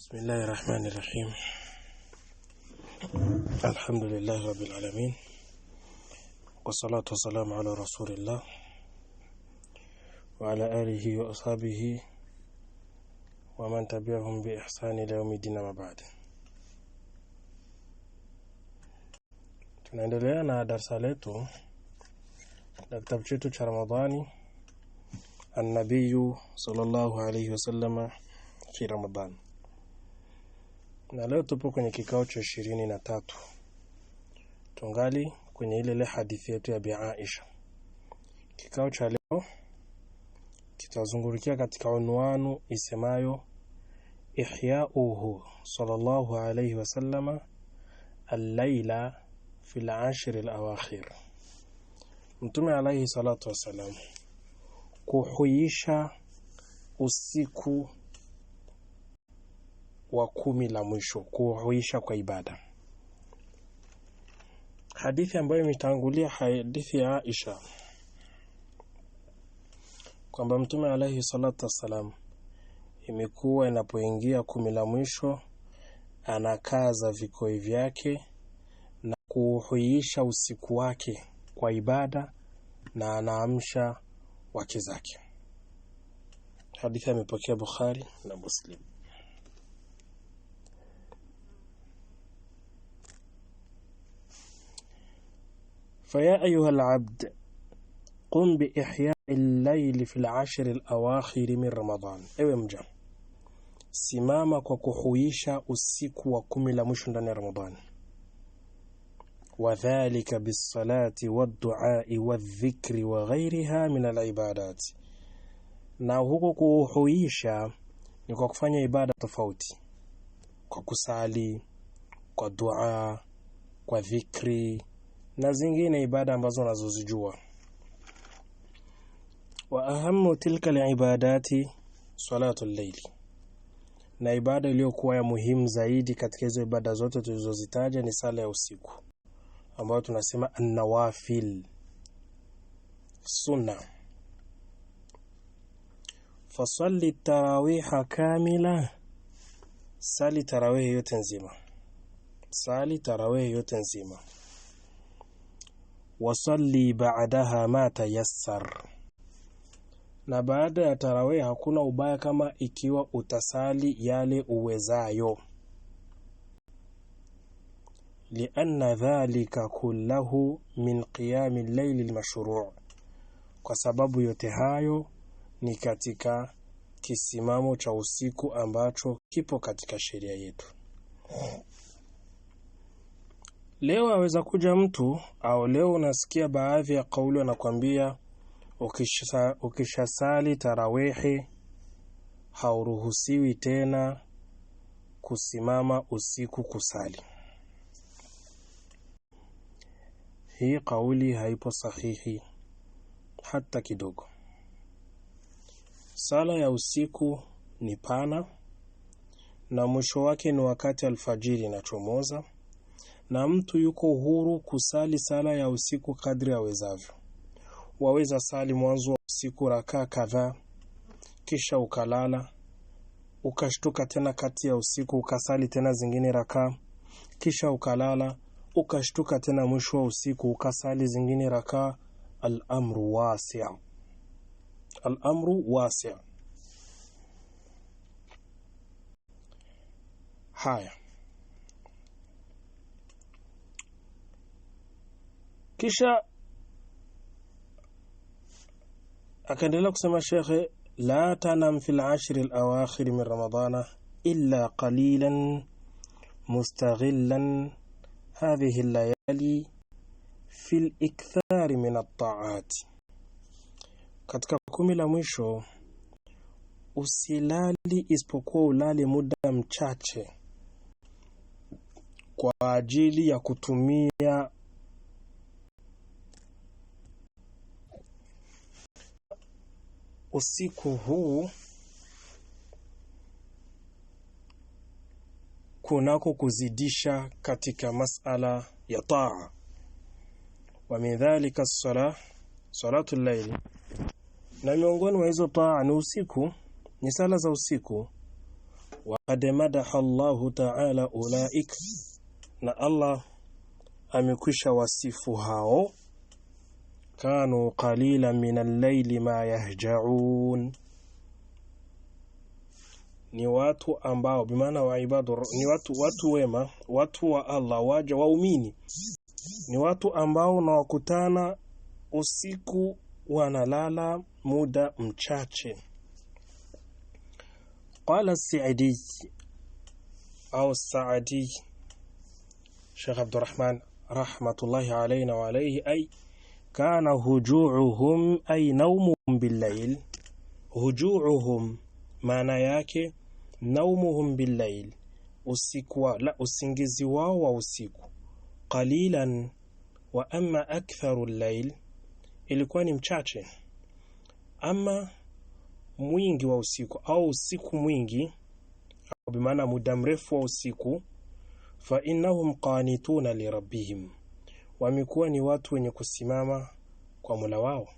بسم الله الرحمن الرحيم الحمد لله رب العالمين والصلاة والسلام على رسول الله وعلى آله وأصحابه ومن تبعهم بإحسان إلى يوم الدين ما بعد tunaendelea na darsa letu na kitabu chetu cha Ramadhani An-Nabiyu sallallahu alayhi wasallam fi Ramadhani na leo tupo kwenye kikao cha ishirini na tatu tungali kwenye ile ile hadithi yetu ya Bi Aisha. Kikao cha leo kitazungurikia katika unwanu isemayo ihyauhu sallallahu alayhi wasallama al-laila fil ashr al-awakhir, Mtume alayhi salatu wassalam kuhuisha usiku wa kumi la mwisho kuhuisha kwa ibada. Hadithi ambayo imetangulia hadithi ya Aisha kwamba Mtume alaihi salatu wassalam imekuwa inapoingia kumi la mwisho anakaza vikoi vyake na kuhuisha usiku wake kwa ibada na anaamsha wake zake. Hadithi amepokea Bukhari na Muslim. فيا أيها العبد قم بإحياء الليل fi العشر الأواخر min Ramadan ewe mja simama kwa kuhuisha usiku wa kumi la mwisho ndani ya Ramadhani wadhalika bisalati wadduai wadhikri wa ghairiha min alibadati, na huko kuhuisha ni kwa kufanya ibada tofauti, kwa kusali, kwa dua, kwa dhikri na zingine ibada ambazo unazozijua wa ahamu tilka alibadati salatu al na ibada iliyokuwa ya muhimu zaidi katika hizo ibada zote tulizozitaja ni sala ya usiku ambayo tunasema an-nawafil sunna fasalli tarawiha kamila sali tarawih yote nzima sali tarawih yote nzima wasalli ba'daha ma tayassar. Na baada ya tarawih hakuna ubaya kama ikiwa utasali yale uwezayo, lianna dhalika kullahu min qiyami llaili lmashru kwa sababu yote hayo ni katika kisimamo cha usiku ambacho kipo katika sheria yetu. Leo aweza kuja mtu au leo unasikia baadhi ya kauli wanakwambia, ukishasali tarawehi hauruhusiwi tena kusimama usiku kusali. Hii kauli haipo sahihi hata kidogo. Sala ya usiku ni pana na mwisho wake ni wakati alfajiri inachomoza na mtu yuko huru kusali sala ya usiku kadri awezavyo. Waweza sali mwanzo wa usiku rakaa kadhaa, kisha ukalala, ukashtuka tena kati ya usiku ukasali tena zingine rakaa, kisha ukalala, ukashtuka tena mwisho wa usiku ukasali zingine rakaa. Al-amru wasi', al-amru wasi'. Haya. kisha akaendelea kusema shekhe la tanam fi lashri lawakhiri min ramadana illa qalilan mustaghilan hadhihi layali fi likthari min altaati, katika kumi la mwisho usilali isipokuwa ulale muda mchache kwa ajili ya kutumia usiku huu kunako kuzidisha katika masala ya taa wa min dhalika sala salatu llaili na miongoni mwa hizo taa ni usiku ni sala za usiku wakad madaha Allahu ta'ala ulaik na Allah amekwisha wasifu hao كانوا قليلا من الليل ما يهجعون ni watu ambao bimaana wa ibadu ni watu watu wema watu wa Allah waja waumini ni watu ambao unawakutana usiku wanalala muda mchache qala saidi au sa'di Sheikh Abdurrahman rahmatullahi alayna wa alayhi ay kana hujuuhum ay naumuhum billail, hujuuhum maana yake naumuhum billail, usiku wa, la usingizi wao wa usiku. Qalilan wa amma aktharu llail, ilikuwa ni mchache. Ama mwingi wa usiku au usiku mwingi, au bimaana muda mrefu wa usiku, fa innahum qanituna li wamekuwa ni watu wenye kusimama kwa mula wao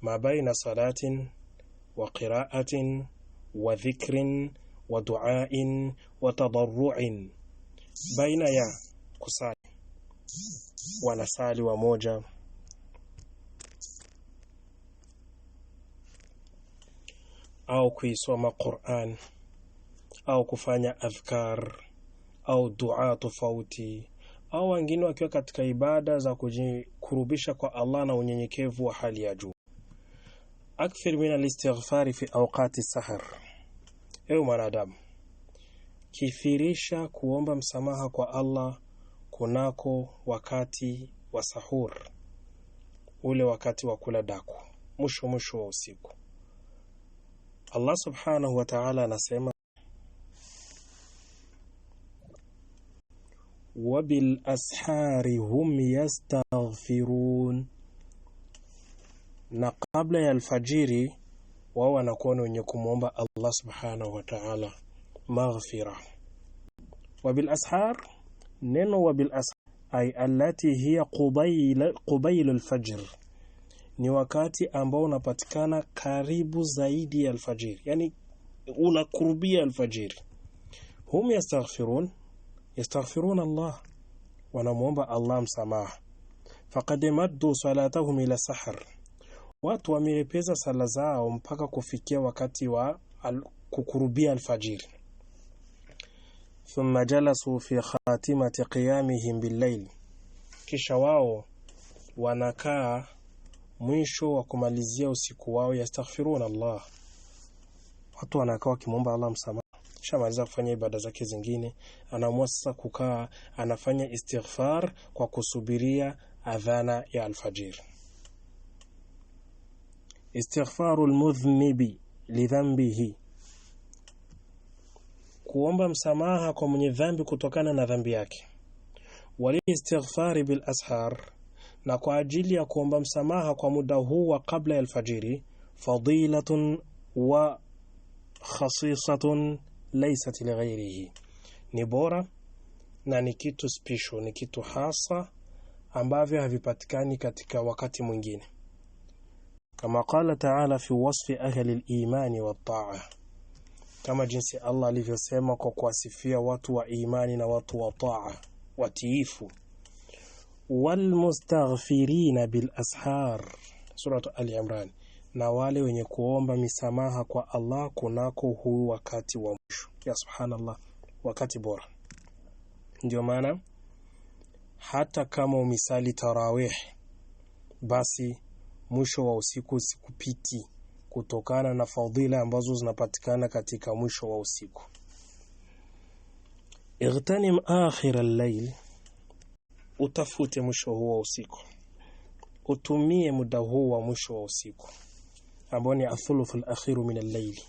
mabaina salatin wa qiraatin wa dhikrin wa duain wa tadarruin, baina ya kusali wanasali wamoja. au kuisoma Qur'an au kufanya adhkar au dua tofauti au wengine wakiwa katika ibada za kujikurubisha kwa Allah na unyenyekevu wa hali ya juu. Akthir min al-istighfar fi awqati sahar, ewe mwanadamu, kithirisha kuomba msamaha kwa Allah kunako wakati wa sahur, ule wakati wa kula daku, mwisho mwisho wa usiku. Allah subhanahu wa ta'ala anasema wabilashari hum yastaghfirun, na kabla ya alfajiri wao wanakuwa ni wenye kumwomba Allah subhanahu wa ta'ala maghfira. Wabilashar, neno wabilashar ay allati hiya qubayl qubayl alfajr, ni wakati ambao unapatikana karibu zaidi ya alfajiri, yani unakurubia alfajiri. Hum yastaghfirun yastaghfiruna Allah, wanamwomba Allah msamaha. Faqad maddu salatahum ila sahar, watu wameepeza sala zao mpaka kufikia wakati wa al kukurubia alfajiri. Thumma jalasu fi khatimati qiyamihim billayl, kisha wao wanakaa mwisho wa kumalizia usiku wao, yastaghfiruna Allah, watu wanakaa wakimwomba Allah msamaha ameshamaliza kufanya ibada zake zingine, anaamua sasa kukaa, anafanya istighfar kwa kusubiria adhana ya alfajiri. Istighfaru lmudhnibi lidhambihi, kuomba msamaha kwa mwenye dhambi kutokana na dhambi yake. Walistighfari bilashar, na kwa ajili ya kuomba msamaha kwa muda huu wa kabla ya alfajiri, fadilatun wa khasisatun laysat lighairihi, ni bora na ni kitu special, ni kitu hasa ambavyo havipatikani katika wakati mwingine. Kama qala taala fi wasfi ahli al-imani taa kama jinsi Allah alivyosema kwa kuwasifia watu wa imani na watu wa taa watiifu. Walmustaghfirina bil ashar, Suratu Ali Imran na wale wenye kuomba misamaha kwa Allah kunako huu wakati wa mwisho. Ya subhanallah, wakati bora. Ndio maana hata kama umisali tarawih, basi mwisho wa usiku usikupiti kutokana na fadhila ambazo zinapatikana katika mwisho wa usiku. Igtanim akhir al-layl, utafute mwisho huu wa usiku, utumie muda huu wa mwisho wa usiku ambao ni athuluth alakhiru min al-layli,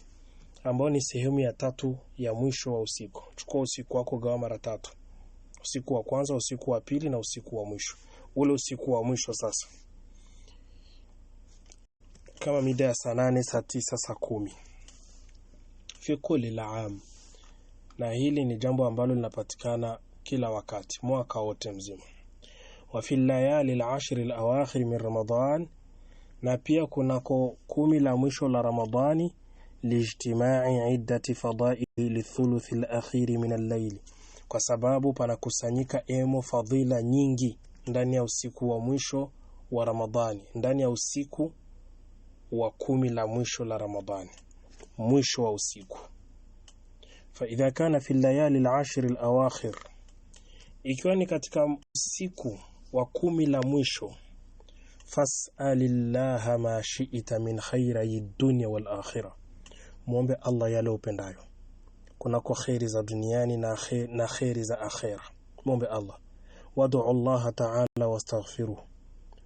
ambao ni sehemu ya tatu ya mwisho wa usiku. Chukua usiku wako gawa mara tatu, usiku wa kwanza, usiku wa pili na usiku wa mwisho. Ule usiku wa mwisho sasa kama mida ya saa nane, saa tisa, saa kumi fi kulli laam, na hili ni jambo ambalo linapatikana kila wakati mwaka wote mzima. Wa fi layali al-ashr al-awakhir min Ramadan na pia kunako kumi la mwisho la Ramadhani liijtimai iddati fadaili lithuluthi lakhiri min allaili, kwa sababu panakusanyika emo fadhila nyingi ndani ya usiku wa mwisho wa Ramadhani, ndani ya usiku wa kumi la mwisho la Ramadhani, mwisho wa usiku. Fa idha kana fi layali alashir alawakhir, ikiwa ni katika usiku wa kumi la mwisho fasalillaha ma shita min khairi dunya wal akhirah, Allah yale upendayo kunako kheri za duniani na kheri, na kheri za akhera. Muombe Allah wad'u llaha ta'ala wastaghfiruh,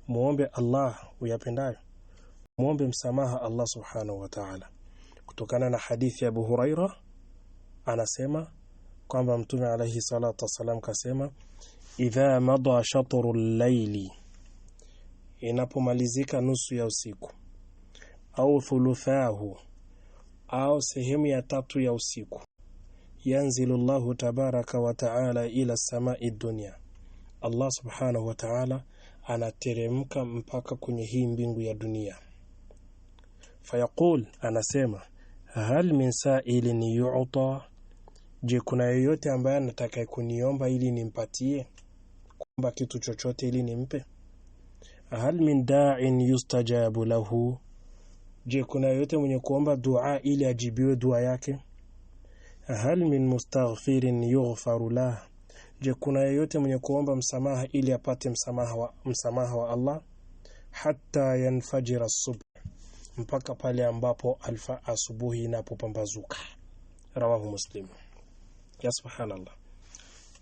muombe Allah uyapendayo, muombe msamaha Allah subhanahu wa ta'ala. Kutokana na hadithi ya Abu Huraira anasema kwamba Mtume alayhi salatu wassalam kasema idha madha shatru al inapomalizika nusu ya usiku au thuluthahu au sehemu ya tatu ya usiku yanzilu llahu tabaraka wa taala ila samai dunya allah subhanahu wa taala anateremka mpaka kwenye hii mbingu ya dunia fayaqul anasema hal min sailin yuta je kuna yeyote ambaye anataka kuniomba ili nimpatie kwamba kitu chochote ili nimpe hal min da'in yustajabu lahu je kuna yote mwenye kuomba dua ili ajibiwe dua yake hal min mustaghfirin yughfaru lah je kuna yote mwenye kuomba msamaha ili apate msamaha wa, msamaha wa Allah hatta yanfajira subh mpaka pale ambapo alfa asubuhi inapopambazuka rawahu muslim ya subhanallah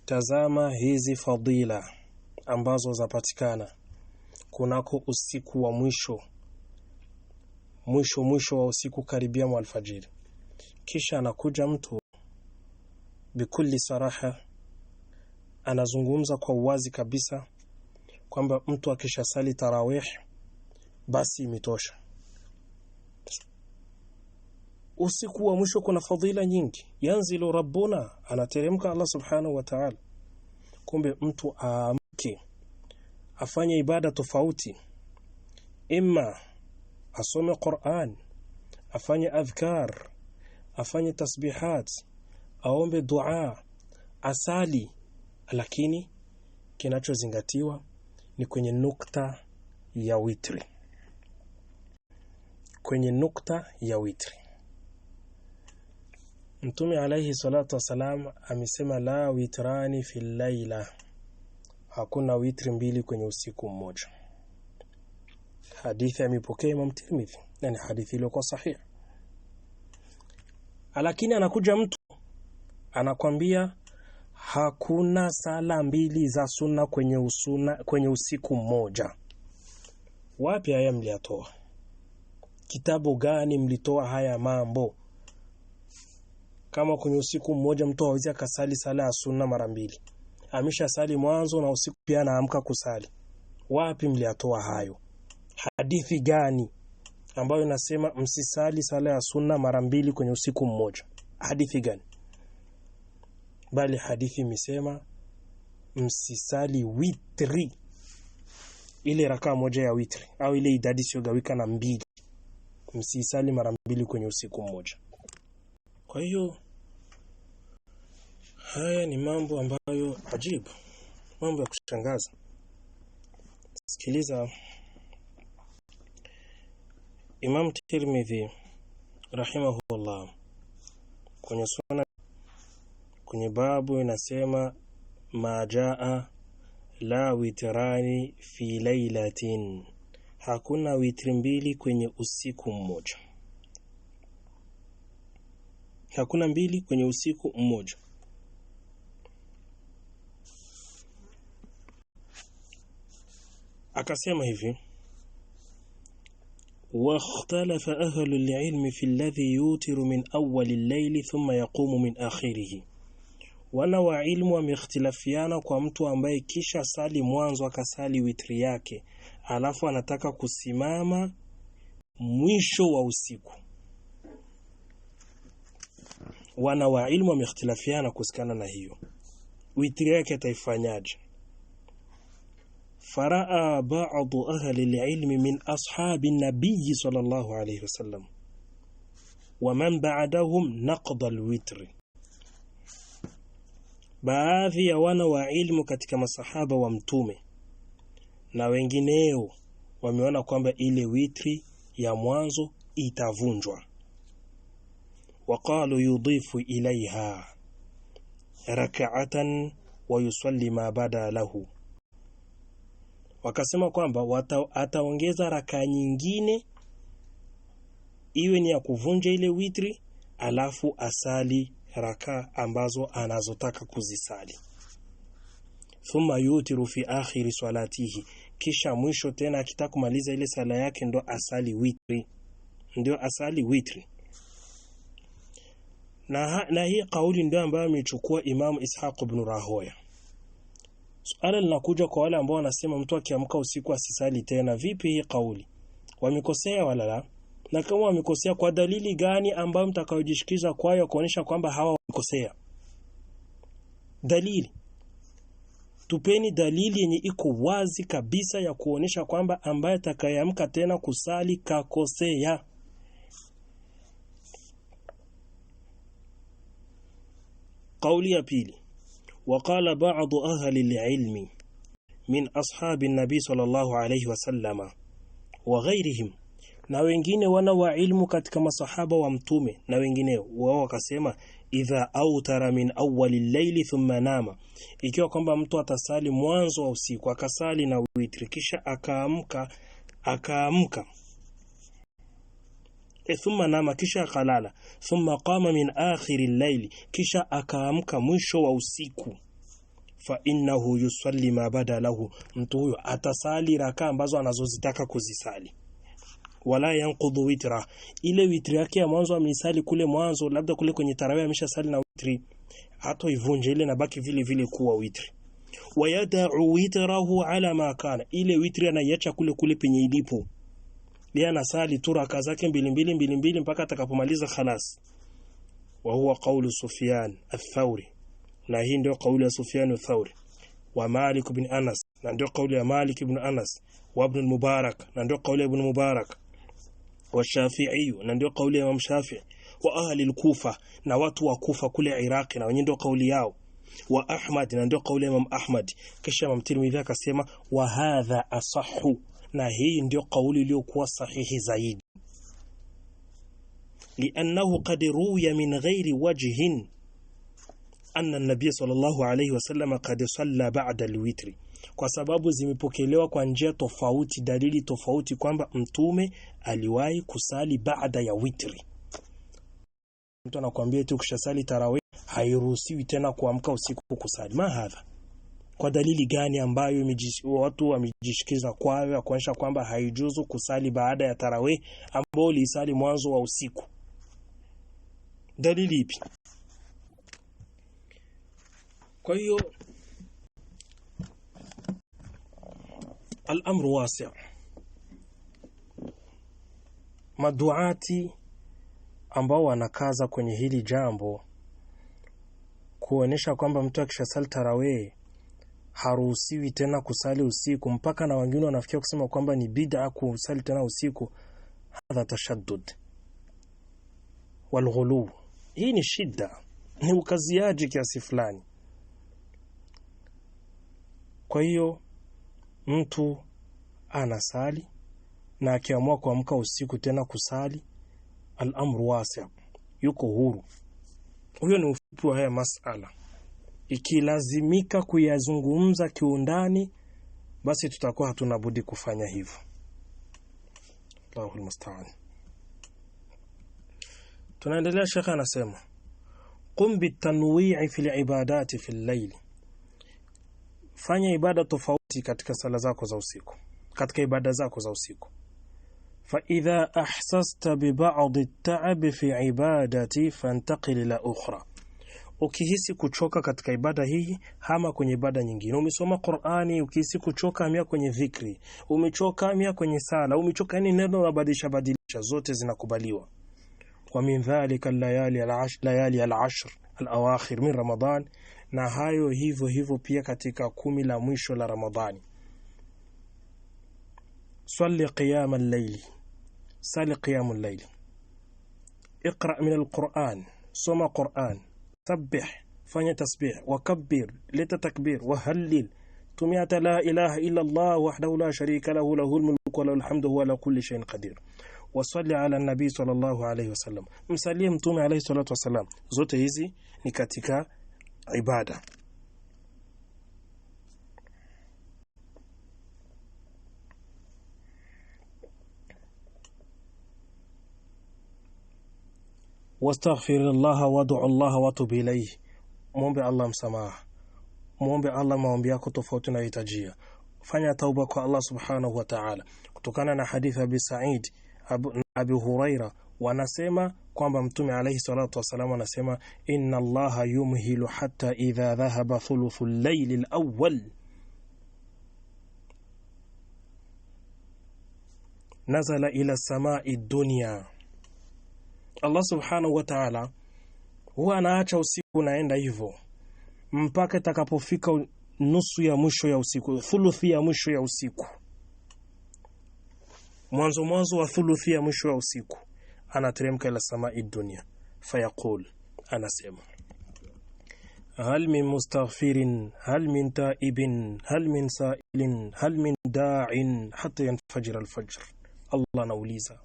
tazama hizi fadila ambazo zapatikana kunako usiku wa mwisho mwisho mwisho wa usiku karibia mwalfajiri alfajiri. Kisha anakuja mtu bikuli saraha, anazungumza kwa uwazi kabisa kwamba mtu akishasali tarawih basi imetosha. Usiku wa mwisho kuna fadhila nyingi. Yanzilu rabbuna, anateremka Allah subhanahu wa ta'ala. Kumbe mtu aam afanye ibada tofauti, imma asome Qur'an, afanye adhkar, afanye tasbihat, aombe dua, asali, lakini kinachozingatiwa ni kwenye nukta ya witri, kwenye nukta ya witri. Mtume alayhi salatu wasalam amesema la witrani fil laila hakuna witri mbili kwenye usiku mmoja. Hadithi amepokea Imam Tirmidhi na ni hadithi iliyokuwa sahihi. Lakini anakuja mtu anakwambia hakuna sala mbili za sunna kwenye, usuna, kwenye usiku mmoja. Wapi haya mliyatoa? Kitabu gani mlitoa haya mambo? Kama kwenye usiku mmoja mtu hawezi akasali sala ya sunna mara mbili amesha sali mwanzo na usiku pia anaamka kusali. Wapi mliatoa hayo? Hadithi gani ambayo inasema msisali sala ya sunna mara mbili kwenye usiku mmoja? Hadithi gani? Bali hadithi imesema msisali witri, ile rakaa moja ya witri au ile idadi isiyogawika na mbili, msisali mara mbili kwenye usiku mmoja. Kwa hiyo Haya ni mambo ambayo ajibu, mambo ya kushangaza. Sikiliza, Imam Tirmidhi rahimahullah kwenye suna, kwenye babu inasema majaa la witrani fi lailatin, hakuna witri mbili kwenye usiku mmoja, hakuna mbili kwenye usiku mmoja akasema hivi wakhtalafa ahlu العلم fi الذي yutiru min أول الليل thumma yaqumu min آخره wana wa ilmu wamehtilafiana kwa mtu ambaye kisha sali mwanzo akasali witri yake alafu anataka kusimama mwisho wa usiku wana wa ilmu wamehtilafiana kusikana na hiyo witri yake ataifanyaje faraa badu ahli lilmi min ashabi nabiyi sallallahu alayhi wasallam wa man baadahum naqda alwitri, baadhi ya wana wa ilmu katika masahaba wa mtume na wengineo wameona kwamba ile witri ya mwanzo itavunjwa. Waqalu yudhifu ilaiha rak'atan wa yusalli ma bada lahu wakasema kwamba ataongeza rakaa nyingine iwe ni ya kuvunja ile witri, alafu asali rakaa ambazo anazotaka kuzisali. Thumma yutiru fi akhiri swalatihi, kisha mwisho tena akitaka kumaliza ile sala yake ndo asali witri, ndio asali witri. Na, na hii kauli ndio ambayo amechukua Imamu Ishaq ibn Rahoya Swala linakuja kwa wale ambao wanasema mtu akiamka usiku asisali tena. Vipi hii kauli? Wamekosea wala la? Na kama wamekosea, kwa dalili gani ambayo mtakayojishikiza kwayo kuonyesha kwamba hawa wamekosea? Dalili, tupeni dalili yenye iko wazi kabisa ya kuonyesha kwamba ambaye atakayeamka tena kusali kakosea. Kauli ya pili وقال بعض أهل العلم min ashabi النبي صلى الله عليه wa وغيرهم na wengine wana wa ilmu katika masahaba wa mtume na wengine wao wakasema, idha autara min awali llaili thumma nama, ikiwa kwamba mtu atasali mwanzo wa usiku akasali na witri kisha akaamka akaamka e, thumma nama, kisha akalala. Thumma qama min akhiri llaili, kisha akaamka mwisho wa usiku. Fa innahu yusalli ma bada lahu, mtu huyo atasali raka ambazo anazozitaka kuzisali wala yanqudhu witra, ile witri yake ya mwanzo ameisali kule mwanzo, labda kule kwenye tarawih ameshasali na witri, hata ivunje ile na baki vile vile kuwa witri. Wayadau witrahu ala ma kana, ile witri anaiacha kule kule penye ilipo yeye anasali tu raka zake mbili mbili mbili mbili mpaka atakapomaliza khalas wa huwa qawlu Sufyan ath-Thawri na hii ndio kauli ya Sufyan ath-Thawri wa Malik ibn Anas na ndio kauli ya Malik ibn Anas wa Ibn Mubarak na ndio kauli ya Ibn Mubarak wa Shafi'i na ndio kauli ya Imam Shafi'i wa ahli al-Kufa na watu wa Kufa kule Iraq na wenyewe ndio kauli yao wa Ahmad na ndio kauli ya Imam Ahmad kisha Imam Tirmidhi akasema wa hadha asahhu, na hii ndio kauli iliyokuwa sahihi zaidi, liannahu qad ruya min ghairi wajhin anna nabiy sallallahu alayhi wasallam qad salla ba'da alwitri, kwa sababu zimepokelewa kwa njia tofauti, dalili tofauti kwamba mtume aliwahi kusali baada ya witri. Mtu anakuambia tu kushasali tarawih, hairuhusiwi tena kuamka usiku kusali. Ma hadha kwa dalili gani ambayo watu wamejishikiza kwayo ya kuonyesha kwamba haijuzu kusali baada ya tarawih ambao ulisali mwanzo wa usiku? Dalili ipi? Kwa hiyo al-amru wasi' maduati ambao wanakaza kwenye hili jambo kuonesha kwamba mtu akishasali tarawih haruhusiwi tena kusali usiku, mpaka na wengine wanafikia kusema kwamba ni bid'a kusali tena usiku. Hadha tashaddud walghulu, hii ni shida, ni ukaziaji kiasi fulani. Kwa hiyo mtu anasali na akiamua kuamka usiku tena kusali, al-amru wasi', yuko huru. Huyo ni ufupi wa haya masala ikilazimika kuyazungumza kiundani, basi tutakuwa hatuna budi kufanya hivyo. Allahul musta'an. Tunaendelea, shekhe anasema qum bitanwi'i fi ibadati fi layli, fanya ibada tofauti katika sala zako za usiku, katika ibada zako za usiku. Fa idha ahsasta bi ba'd at-ta'ab fi ibadati fantaqil ila ukhra Ukihisi kuchoka katika ibada hii, hama kwenye ibada nyingine. Umesoma Qur'ani, ukihisi kuchoka, hamia kwenye dhikri. Umechoka, hamia kwenye sala. Umechoka, yani neno la badilisha badilisha, zote zinakubaliwa. Wa min dhalika layali al-ashr, layali al-ashr al-awakhir min Ramadan, na hayo hivyo hivyo pia katika kumi la mwisho la Ramadhani. Salli qiyam al-layli, salli qiyam al-layli. Iqra min al-Qur'an, soma Qur'an سبح فني تسبيح وكبر لتتكبير تكبير وهلل تميت لا إله إلا الله وحده لا شريك له له الملك وله الحمد هو على كل شيء قدير وصلي على النبي صلى الله عليه وسلم مسلم تومي عليه الصلاة والسلام زوت هذه نكتك عبادة واستغفر الله wad'u Allah watub ilayhi, muombe Allah msamaha, muombe Allah maombi yako tofauti na hitajia. Fanya tauba kwa Allah subhanahu wa ta'ala. Kutokana na hadithi Abi Sa'id Abi Huraira wanasema kwamba Mtume alayhi salatu wasalam anasema inna Allaha yumhilu hatta idha dhahaba thuluthul layli al-awwal nazala ila samai dunya Allah subhanahu wa ta'ala huwa anaacha usiku unaenda hivyo mpaka itakapofika nusu ya mwisho ya usiku, thuluthi ya mwisho ya usiku, mwanzo mwanzo wa thuluthi ya mwisho ya usiku, anateremka ila samai dunia, fayaqul, anasema hal min mustaghfirin hal min taibin hal min sailin hal min da'in hata yanfajira alfajr. Allah anauliza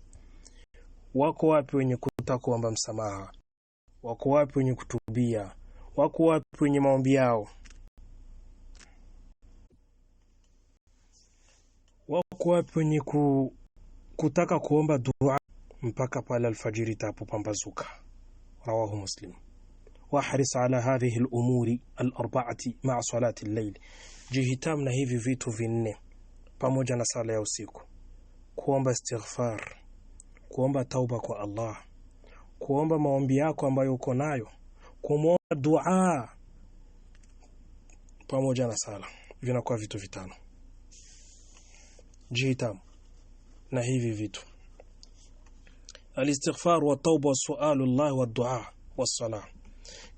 wako wapi wenye Utakuomba msamaha. Wako wapi wenye kutubia? Wako wapi wenye maombi yao? Wako wapi wenye ku, kutaka kuomba dua mpaka pale alfajiri itapopambazuka? Rawahu Muslim. Wahris ala hadhihi al-umuri al-arba'ati ma'a salati al-layl, jihitam na hivi vitu vinne pamoja na sala ya usiku, kuomba istighfar, kuomba tauba kwa Allah kuomba maombi yako ambayo uko nayo, kumwomba dua pamoja na sala, vinakuwa vitu vitano. Jihitamu na hivi vitu alistighfar wa tauba wa sualu Allah wa dua wa sala.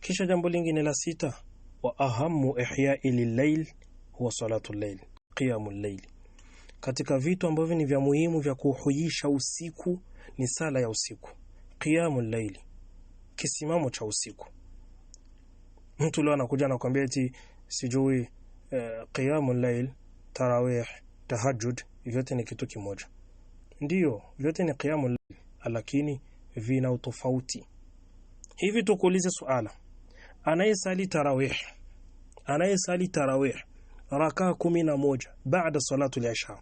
Kisha jambo lingine la sita, wa ahamu ihyai lillail huwa salatu llail, qiyamu llail. Katika vitu ambavyo ni vya muhimu vya kuhuisha usiku ni sala ya usiku qiyamu layli kisimamo cha usiku mtu leo anakuja anakuambia eti sijui qiyamu eh, qiyamul layl tarawih tahajjud vyote ni kitu kimoja ndiyo vyote ni qiyamu layl lakini vina utofauti hivi tukuulize swala anayesali tarawih anayesali tarawih rakaa kumi na moja baada salatu al-isha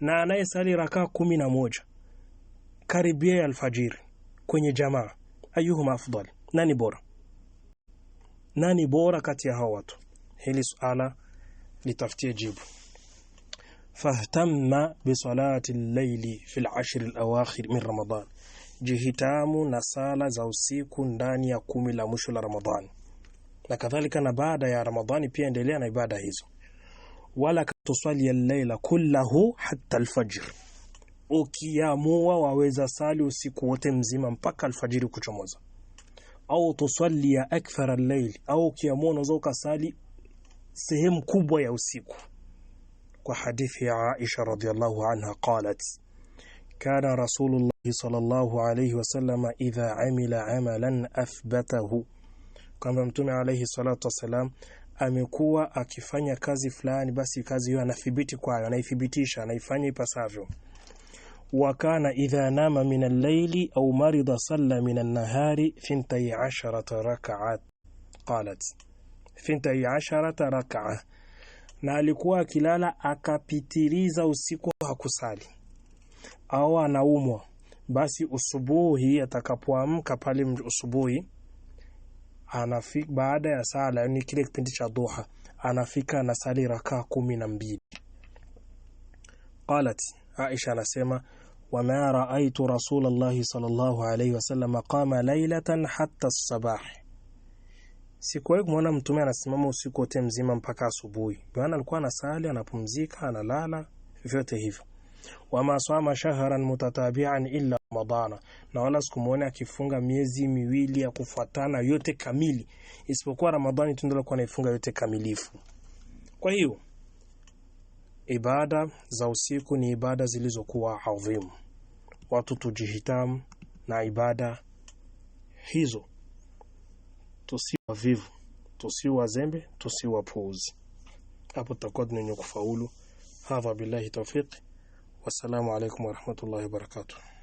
na anayesali rakaa kumi na moja karibia alfajiri kwenye jamaa ayuhuma afdal nani bora nani bora kati ya hawa watu hili suala litafutie jibu fahtamma bisalati al fi al-ashr min ramadan jihitamu na sala za usiku ndani ya kumi la mwisho la Ramadhani na kadhalika na baada ya Ramadhani pia endelea na ibada hizo wala katuswali al kullahu hatta al ukiamua waweza sali usiku wote mzima mpaka alfajiri kuchomoza, au tusalia akthara al-layl, au ukiamua unaweza ukasali sehemu kubwa ya usiku. Kwa hadithi ya Aisha radhiyallahu anha qalat kana rasulullahi sallallahu alayhi wasallam idha amila amalan athbatahu, kwamba mtume alayhi salatu wasalam amekuwa akifanya kazi fulani, basi kazi hiyo anathibiti kwayo, anaithibitisha, anaifanya ipasavyo wakana idha nama min allaili au marida salla min annahari fintai asharata rakaat qalat fintai asharata rakaa, na alikuwa akilala akapitiliza usiku hakusali au anaumwa, basi usubuhi atakapoamka pale usubuhi anafika baada ya sala, yani kile kipindi cha duha, anafika anasali rakaa kumi na mbili. Qalat Aisha anasema وما رأيت رسول الله صلى الله عليه wasallam qama lailatan hatta as-sabah Sikuwahi kumwona mtume anasimama usiku wote mzima mpaka asubuhi. Bwana alikuwa anasali, anapumzika, analala, vyote hivyo. Wama swama shahran mutatabi'an illa Ramadhana, na wala sikumwona akifunga miezi miwili ya kufuatana yote kamili, isipokuwa Ramadhani tu ndio alikuwa anaifunga yote kamilifu. Kwa hiyo Ibada za usiku ni ibada zilizokuwa adhimu, watu tujihitamu na ibada hizo, tusiwa wavivu, tusiwa wazembe, tusiwa wapuuzi. Hapo tutakuwa tunenye kufaulu. Hadha billahi tawfiq, wassalamu alaikum warahmatullahi wabarakatuh.